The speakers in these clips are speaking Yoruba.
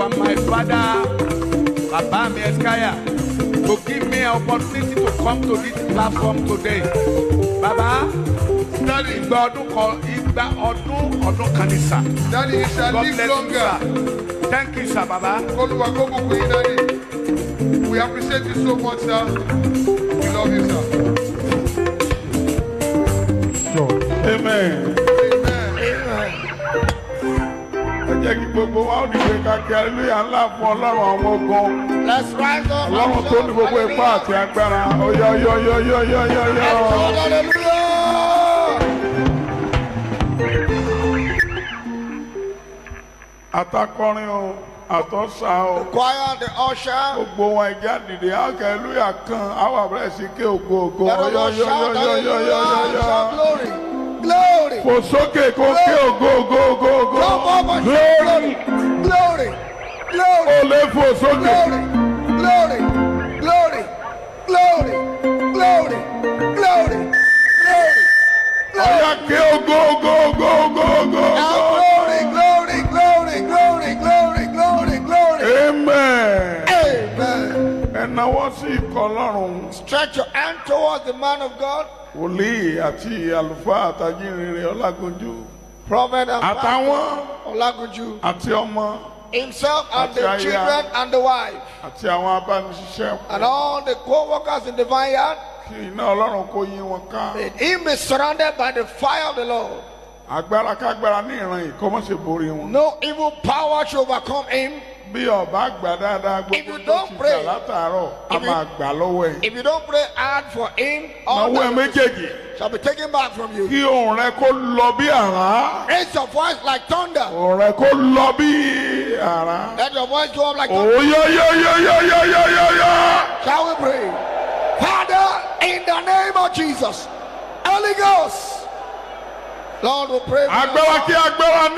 you are my father, Baba Meskaya, to give me an opportunity to come to this platform today. Baba, Daddy, ìgbà ọdún kan ìgbà ọdún ọdún kan ni sà. Daddy, you shall God live longer. You, Thank you, sir, Baba. God kó gbogbo yín, Daddy. We appreciate you so much, sir. We love you, sir. gbogbo wa ó dìde kakẹ́ aleluya ńlá fún ọlọ́run àwọn ogun ọlọ́run tó ní gbogbo ipá àti agbára oyọyọyọyọyọyọ. atakọrin o àtọ́sà o. choir the usher. gbogbo wọn ìjà dìde àkẹ́ lóyà kan àwọn àbúrẹ́ sí ké ògo ògo ọyọyọyọyọyọyọ. glory glory. kò sókè kó ké ògo ògo ògo ògo fún Òṣogbo. glory glory glory glory glory glory. ọ̀yà go, go, go, go, go, go. glory glory glory glory glory glory glory. amen. amen. And now, sí ikọ̀ Ọlọ́run. stretch your hand towards the man of God. wòlíì àti àlùfáà àtàjìnrere Ọlágunjú. prophet and pastor Ọlágunjú. àti ọmọ. himself and the children and the wife and all the co-workers in the vineyard that he be surrounded by the fire of the Lord no evil power should overcome him bí ọba gbà dáadáa gbogbo tó ti if you don't pray hard for him. ọwọ́ ẹ shall be taken back from you. raise your voice like thunder. let your voice go up like thunder. oyoyoyoyoyoyoyoyo. shall we pray. father in the name of jesus holy ghost. Lord, we pray. agbára kí agbára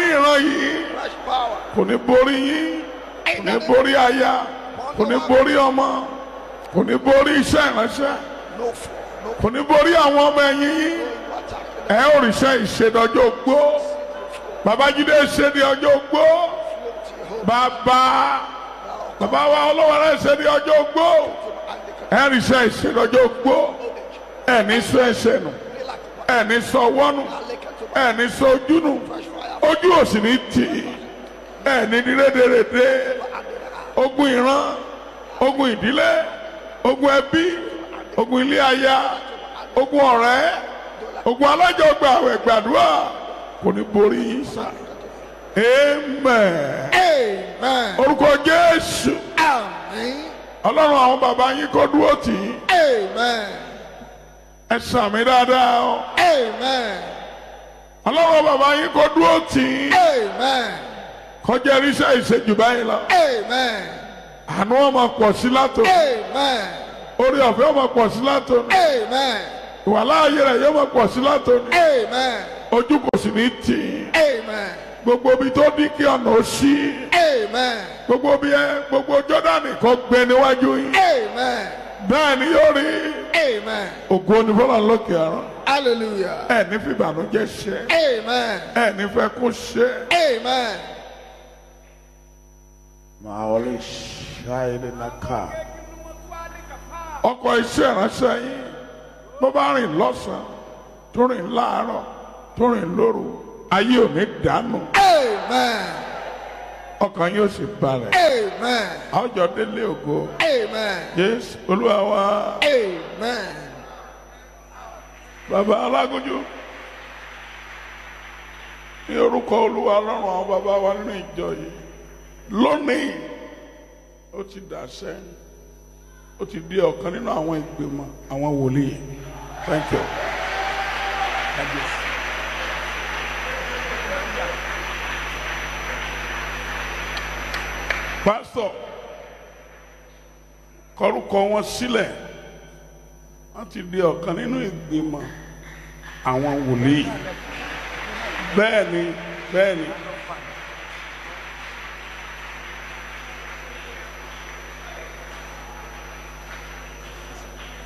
ní kò ní borí aya kò ní borí ọmọ kò ní borí iṣẹ́ ìránṣẹ́ kò ní borí àwọn ọmọ ẹ̀yìn yín ẹ ò ríṣẹ́ ìṣèdọ́jọ́ gbó babájídé ṣe ní ọjọ́ gbó bàbá bàbá wa ọlọ́wọ́rẹ́ ṣe ní gbó ẹ ríṣẹ́ ìṣèdọ́jọ́ gbó ẹ ní sọ ẹsẹ̀ nù ẹ ní sọ wọ́nù ẹ ní sọ ojú nù ojú òsì ní tì í. ẹni ní ní ogun ìran ogun ìdílé ogun ẹbí ogun ilé aya ogun ọrẹ ogun alájọgbà àwẹ̀ gbàdúrà kò ní borí yín sá amen amen orúkọ Jésù àmín Ọlọ́run àwọn bàbá yín kó dúró tì í amen ẹ sàmì dáadáa o amen Ọlọ́run baba yín kó dúró tì í amen. kọjá irinṣẹ́ ìṣèjú báyìí lọ. amen. àánú ọmọ pọ̀ sí látò. amen. orí ọ̀fẹ́ ọmọ pọ̀ sí látò. amen. ìwàlá ayé rẹ̀ yóò mọ̀ pọ̀ sí látò. amen. ojú kò sì ní tì í. amen. gbogbo ibi tó ní kí ọ̀nà ó ṣí. amen. gbogbo ibi ẹ gbogbo jọ́dánì kan gbẹ níwájú yín. amen. bẹ́ẹ̀ ni yóò rí. amen. ògo ni fọlá lókè àrùn hallelujah. ẹ ní fi ṣe. amen. ẹ ní fẹ́ ṣe. amen ọkọ̀ iṣẹ́ ìránṣẹ́ yín bó bá rìn lọ́sàn-án tó rìn láàárọ̀ tó rìn lóru ayé ò dànù. Amen. ọkàn yóò sì balẹ̀. Amen. àwùjọ délé ògo. Amen. Jésù Olúwa wa. Amen. bàbá alágójú ní orúkọ Olúwa Ọlọ́run àwọn bàbá wa nínú ìjọ yìí lónìí ó ti dàṣẹ ó ti di ọ̀kan nínú àwọn ìgbìmọ̀ àwọn wòlíì thank you. Thank you. pásítọ̀ kọrúkọ wọn sílẹ̀ wọ́n ti di ọ̀kan nínú ìgbìmọ̀ àwọn wòlíì bẹ́ẹ̀ ni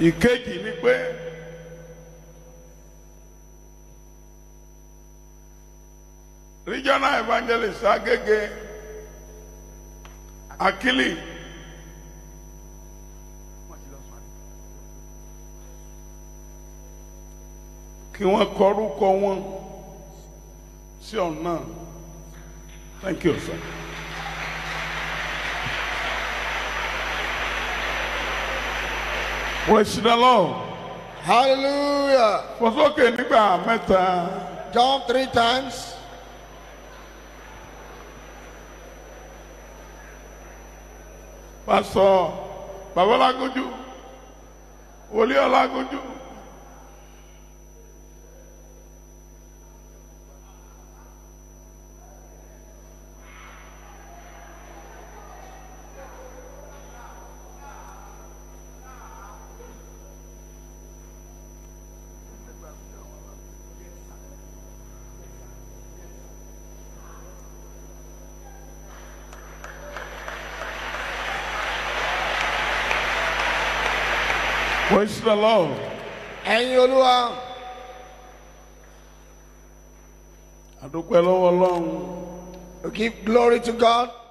ìkejì ni pé regional evangelist Agége Akili kí wọ́n kọrúkọ wọn sí ọ̀nà thank you sir. Praise the Lord. Hallelujah. For sókè nígbà mẹ́ta. Jump three times. Pastor Babalagunju, Wòlíọ̀lágunju. Praise the Lord. Ẹ̀yin I do lọ́wọ́ Ọlọ́run. We give glory to God.